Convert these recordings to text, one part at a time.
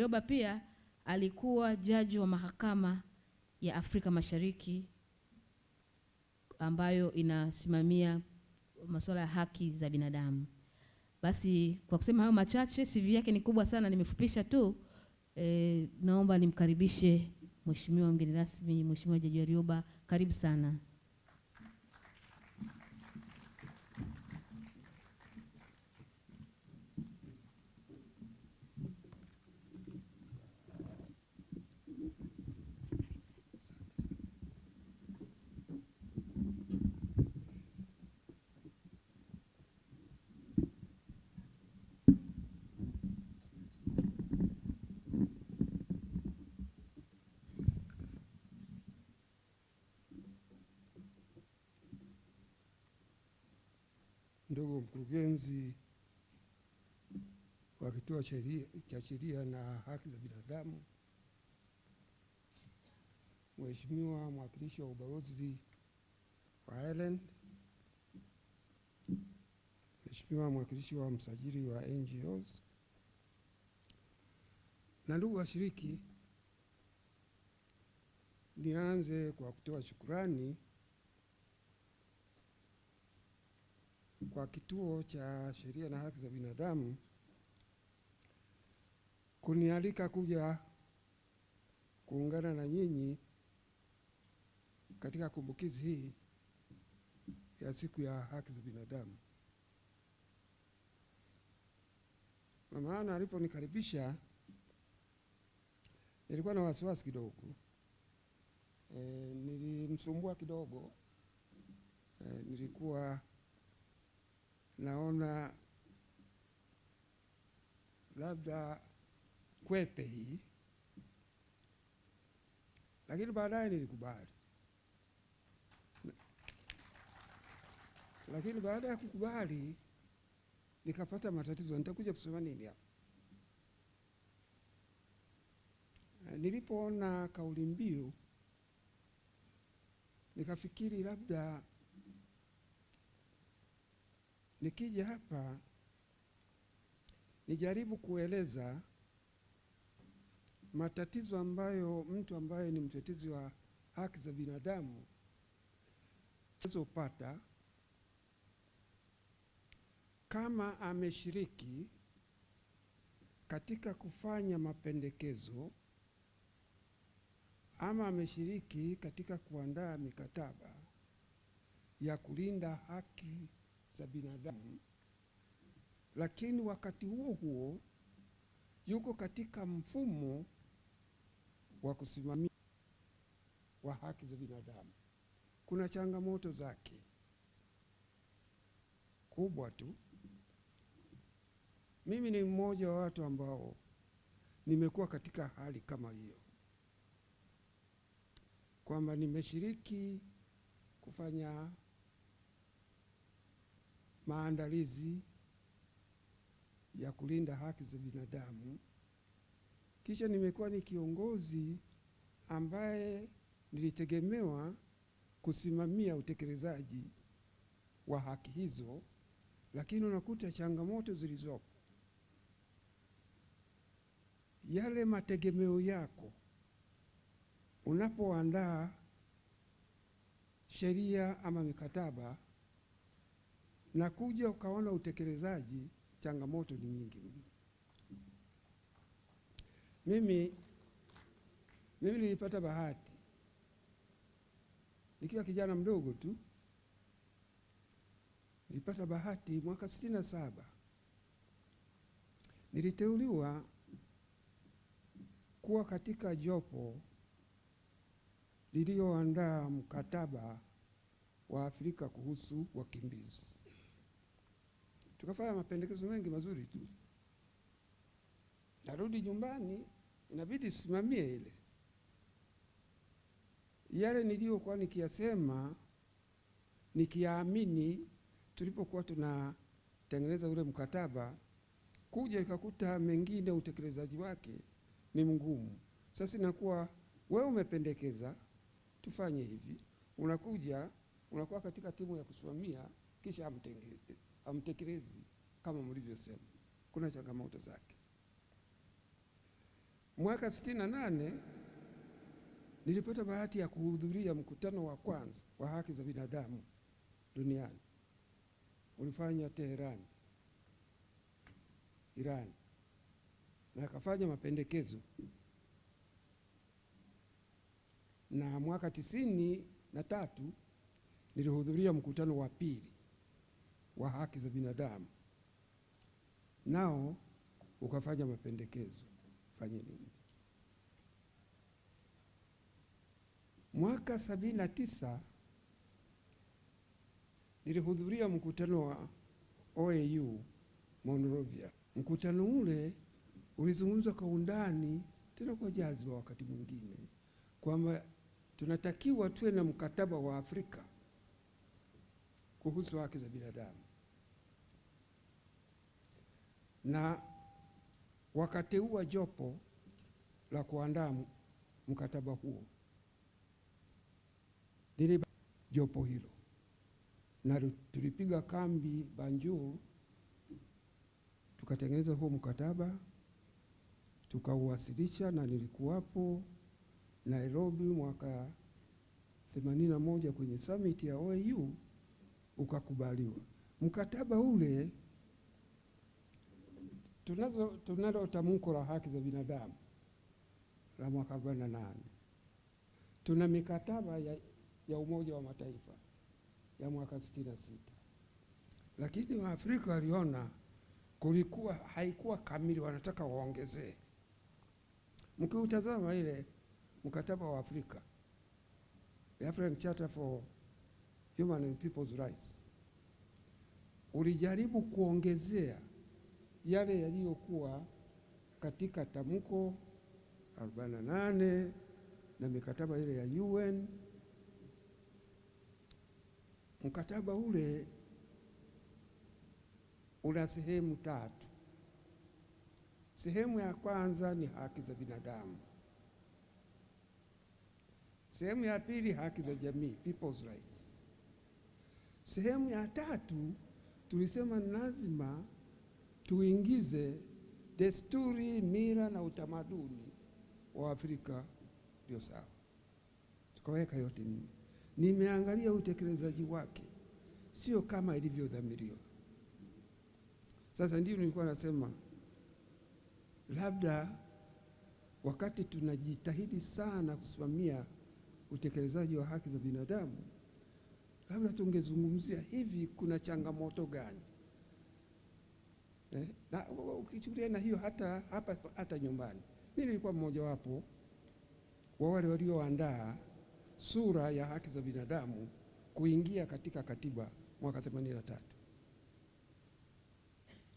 Warioba pia alikuwa jaji wa mahakama ya Afrika Mashariki ambayo inasimamia masuala ya haki za binadamu. Basi kwa kusema hayo machache, CV yake ni kubwa sana, nimefupisha tu. E, naomba nimkaribishe mheshimiwa mgeni rasmi, Mheshimiwa Jaji Warioba, karibu sana. ndugu mkurugenzi wa kituo cha sheria na haki za binadamu, mheshimiwa mwakilishi wa ubalozi wa Ireland, mheshimiwa mwakilishi wa msajili wa NGOs na ndugu washiriki, nianze kwa kutoa shukurani kwa kituo cha sheria na haki za binadamu kunialika kuja kuungana na nyinyi katika kumbukizi hii ya siku ya haki za binadamu. Mama Ana aliponikaribisha nilikuwa na wasiwasi kidogo. E, nilimsumbua kidogo. E, nilikuwa naona labda kwepe hii, lakini baadaye nilikubali. Lakini baada ya kukubali nikapata matatizo, nitakuja kusema nini hapa. Nilipoona kauli mbiu nikafikiri labda Nikija hapa nijaribu kueleza matatizo ambayo mtu ambaye ni mtetezi wa haki za binadamu zopata kama ameshiriki katika kufanya mapendekezo ama ameshiriki katika kuandaa mikataba ya kulinda haki za binadamu, lakini wakati huo huo yuko katika mfumo wa kusimamia wa haki za binadamu. Kuna changamoto zake kubwa tu. Mimi ni mmoja wa watu ambao nimekuwa katika hali kama hiyo, kwamba nimeshiriki kufanya maandalizi ya kulinda haki za binadamu. Kisha nimekuwa ni kiongozi ambaye nilitegemewa kusimamia utekelezaji wa haki hizo, lakini unakuta changamoto zilizopo, yale mategemeo yako unapoandaa sheria ama mikataba na kuja ukaona utekelezaji, changamoto ni nyingi. Mimi mimi nilipata bahati nikiwa kijana mdogo tu, nilipata bahati mwaka sitini na saba niliteuliwa kuwa katika jopo liliyoandaa mkataba wa Afrika kuhusu wakimbizi tukafanya mapendekezo mengi mazuri tu. Narudi nyumbani, inabidi simamie ile yale niliyokuwa nikiyasema nikiyaamini, tulipokuwa tunatengeneza ule mkataba, kuja ikakuta mengine utekelezaji wake ni mgumu. Sasa inakuwa wewe umependekeza tufanye hivi, unakuja unakuwa katika timu ya kusimamia, kisha amtengeneze hamtekelezi kama mlivyosema, kuna changamoto zake. Mwaka sitini na nane nilipata bahati ya kuhudhuria mkutano wa kwanza wa haki za binadamu duniani, ulifanya Teherani, Irani, na akafanya mapendekezo na mwaka tisini na tatu nilihudhuria mkutano wa pili wa haki za binadamu nao ukafanya mapendekezo fanye nini. Mwaka sabini na tisa nilihudhuria mkutano wa OAU Monrovia. Mkutano ule ulizungumzwa kwa undani, tena kwa wa wakati mwingine kwamba tunatakiwa tuwe na mkataba wa Afrika kuhusu haki za binadamu na wakateua jopo la kuandaa mkataba huo. Lile jopo hilo na tulipiga kambi Banjul, tukatengeneza huo mkataba tukauwasilisha, na nilikuwapo Nairobi mwaka 81 kwenye summit ya OAU ukakubaliwa mkataba ule tunazo tunalo tamko la haki za binadamu la mwaka 48 tuna mikataba ya, ya Umoja wa Mataifa ya mwaka 66 lakini Waafrika waliona kulikuwa haikuwa kamili, wanataka waongezee. Mkiutazama ile mkataba wa Afrika, the African Charter for Human and People's Rights, ulijaribu kuongezea yale yaliyokuwa katika tamko 48 na mikataba ile ya UN. Mkataba ule una sehemu tatu. Sehemu ya kwanza ni haki za binadamu, sehemu ya pili haki za jamii, people's rights. Sehemu ya tatu tulisema lazima tuingize desturi, mira na utamaduni wa Afrika ndio sawa, tukaweka yote nne. Nimeangalia utekelezaji wake sio kama ilivyodhamiriwa. Sasa ndio nilikuwa nasema labda wakati tunajitahidi sana kusimamia utekelezaji wa haki za binadamu, labda tungezungumzia hivi, kuna changamoto gani eh, na ukichukulia na hiyo hata hapa hata nyumbani, mimi nilikuwa mmojawapo wa wale walioandaa sura ya haki za binadamu kuingia katika katiba mwaka 83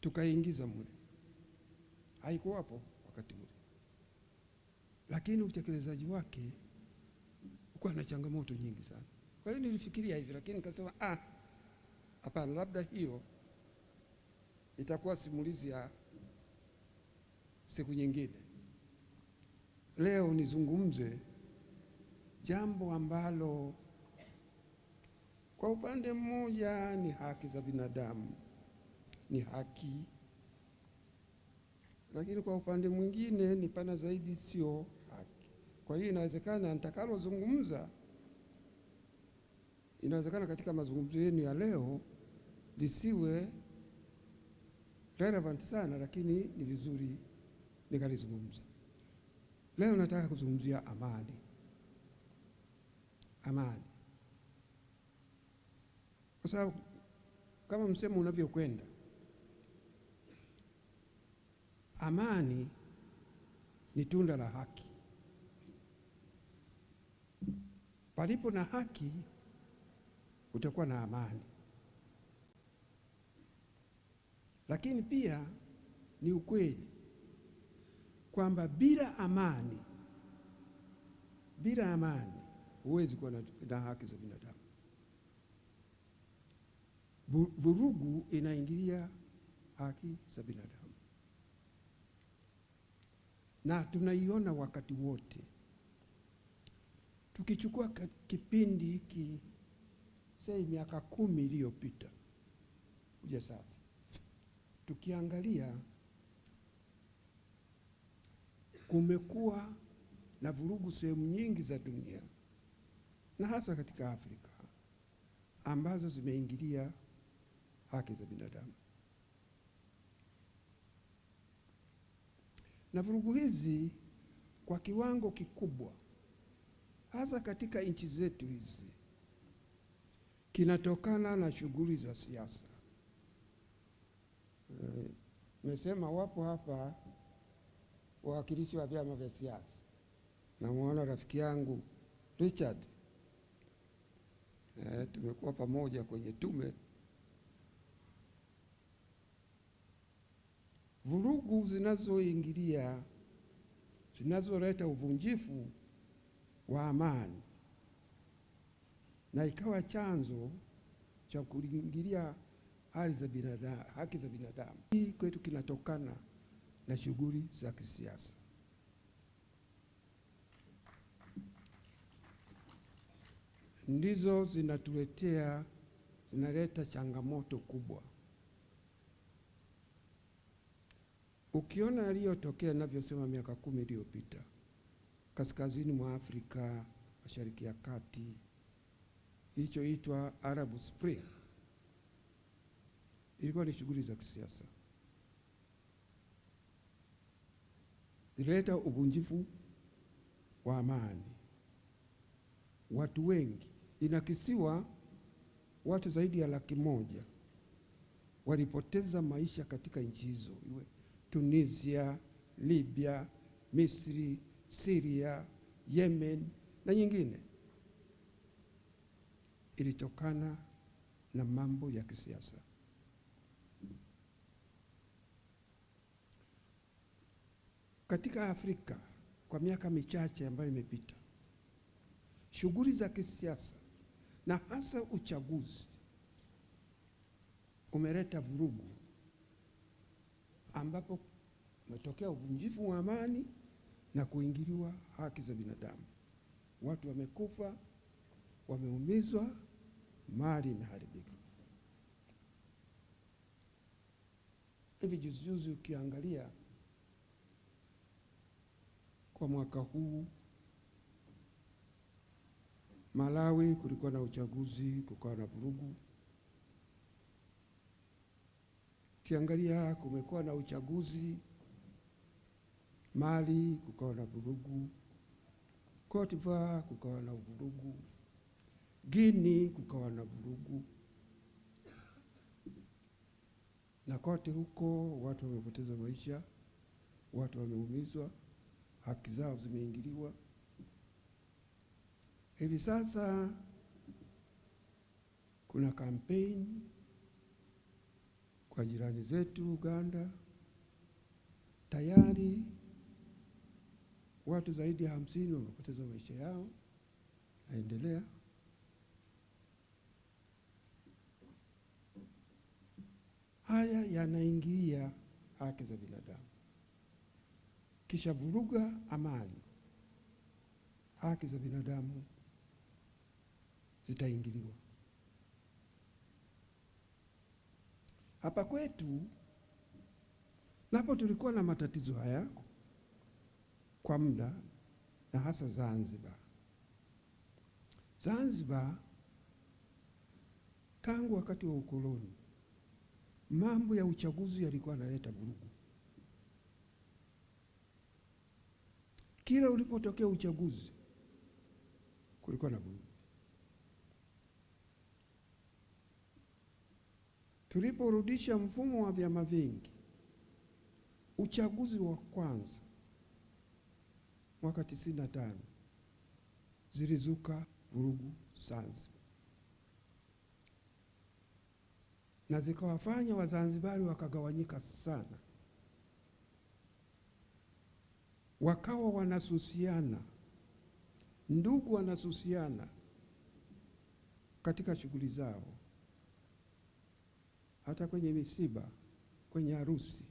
tukaingiza mule, haikuwapo wakati ule, lakini utekelezaji wake ulikuwa na changamoto nyingi sana. Kwa hiyo nilifikiria hivi, lakini nikasema ah, hapana, labda hiyo itakuwa simulizi ya siku nyingine. Leo nizungumze jambo ambalo kwa upande mmoja ni haki za binadamu, ni haki, lakini kwa upande mwingine ni pana zaidi, sio haki. Kwa hiyo inawezekana nitakalozungumza, inawezekana katika mazungumzo yenu ya leo lisiwe relevant sana, lakini ni vizuri nikalizungumza leo. Nataka kuzungumzia amani. Amani kwa sababu kama msemo unavyokwenda, amani ni tunda la haki. Palipo na haki, utakuwa na amani. Lakini pia ni ukweli kwamba bila amani, bila amani huwezi kuwa na haki za binadamu. Vurugu inaingilia haki za binadamu, na tunaiona wakati wote. Tukichukua kipindi hiki, sei miaka kumi iliyopita kuja sasa tukiangalia kumekuwa na vurugu sehemu nyingi za dunia na hasa katika Afrika ambazo zimeingilia haki za binadamu, na vurugu hizi kwa kiwango kikubwa, hasa katika nchi zetu hizi, kinatokana na shughuli za siasa Nimesema wapo hapa wawakilishi wa vyama vya siasa. Namwona rafiki yangu Richard eh, tumekuwa pamoja kwenye tume. Vurugu zinazoingilia zinazoleta uvunjifu wa amani na ikawa chanzo cha kuingilia za binadamu, haki za binadamu. Hii kwetu kinatokana na shughuli za kisiasa. Ndizo zinatuletea zinaleta changamoto kubwa. Ukiona yaliyotokea navyosema miaka kumi iliyopita kaskazini mwa Afrika, Mashariki ya Kati, ilichoitwa Arab Spring ilikuwa ni shughuli za kisiasa, ilileta uvunjifu wa amani. Watu wengi inakisiwa, watu zaidi ya laki moja walipoteza maisha katika nchi hizo, iwe Tunisia, Libya, Misri, Syria, Yemen na nyingine, ilitokana na mambo ya kisiasa. Katika Afrika kwa miaka michache ambayo imepita, shughuli za kisiasa na hasa uchaguzi umeleta vurugu, ambapo umetokea uvunjifu wa amani na kuingiliwa haki za binadamu. Watu wamekufa, wameumizwa, mali imeharibika. Hivi juzijuzi ukiangalia kwa mwaka huu. Malawi kulikuwa na uchaguzi, kukawa na vurugu. Ukiangalia kumekuwa na uchaguzi Mali, kukawa na vurugu. Cote d'Ivoire kukawa na vurugu. gini kukawa na vurugu, na kote huko watu wamepoteza maisha, watu wameumizwa haki zao zimeingiliwa. Hivi sasa kuna kampeni kwa jirani zetu Uganda, tayari watu zaidi ya hamsini wamepoteza maisha yao, naendelea haya yanaingia haki za binadamu kisha vuruga amani, haki za binadamu zitaingiliwa. Hapa kwetu napo tulikuwa na matatizo haya kwa muda, na hasa Zanzibar. Zanzibar tangu wakati wa ukoloni, mambo ya uchaguzi yalikuwa yanaleta vurugu Kila ulipotokea uchaguzi kulikuwa na vurugu. Tuliporudisha mfumo wa vyama vingi, uchaguzi wa kwanza mwaka tisini na tano zilizuka vurugu Zanzibar, na zikawafanya Wazanzibari wakagawanyika sana. wakawa wanasusiana, ndugu wanasusiana katika shughuli zao, hata kwenye misiba, kwenye harusi,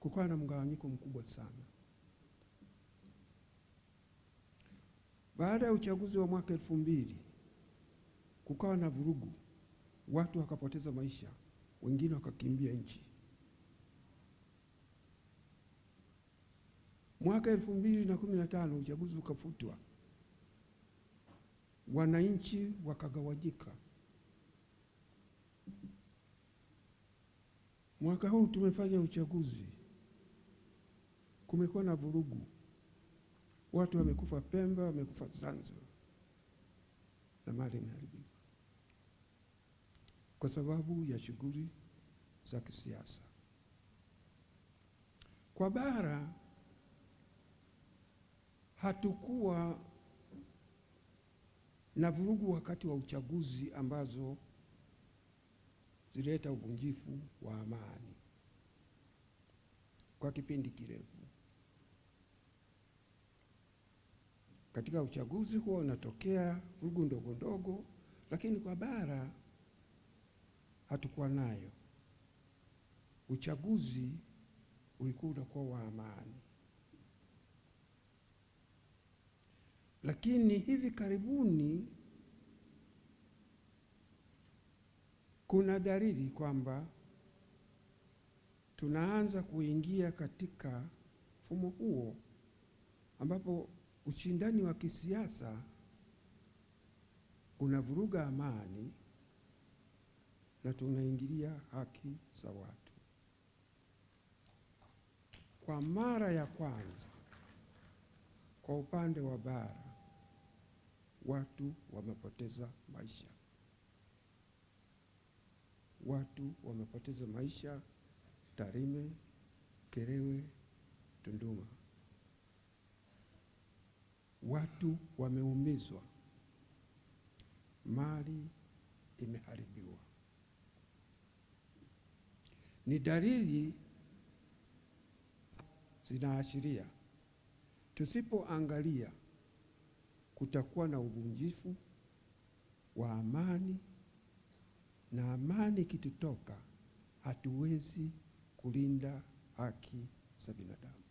kukawa na mgawanyiko mkubwa sana. Baada ya uchaguzi wa mwaka elfu mbili kukawa na vurugu, watu wakapoteza maisha, wengine wakakimbia nchi. Mwaka elfu mbili na kumi na tano uchaguzi ukafutwa, wananchi wakagawanyika. Mwaka huu tumefanya uchaguzi, kumekuwa na vurugu, watu wamekufa Pemba, wamekufa Zanzibar na mali imeharibika kwa sababu ya shughuli za kisiasa kwa bara hatukuwa na vurugu wakati wa uchaguzi ambazo zilileta uvunjifu wa amani kwa kipindi kirefu. Katika uchaguzi huwa unatokea vurugu ndogo ndogo, lakini kwa bara hatukuwa nayo. Uchaguzi ulikuwa unakuwa wa amani. Lakini hivi karibuni kuna dalili kwamba tunaanza kuingia katika mfumo huo ambapo ushindani wa kisiasa unavuruga amani na tunaingilia haki za watu. Kwa mara ya kwanza kwa upande wa bara watu wamepoteza maisha, watu wamepoteza maisha Tarime, Kerewe, Tunduma, watu wameumizwa, mali imeharibiwa. Ni dalili zinaashiria tusipoangalia kutakuwa na uvunjifu wa amani, na amani ikitutoka hatuwezi kulinda haki za binadamu.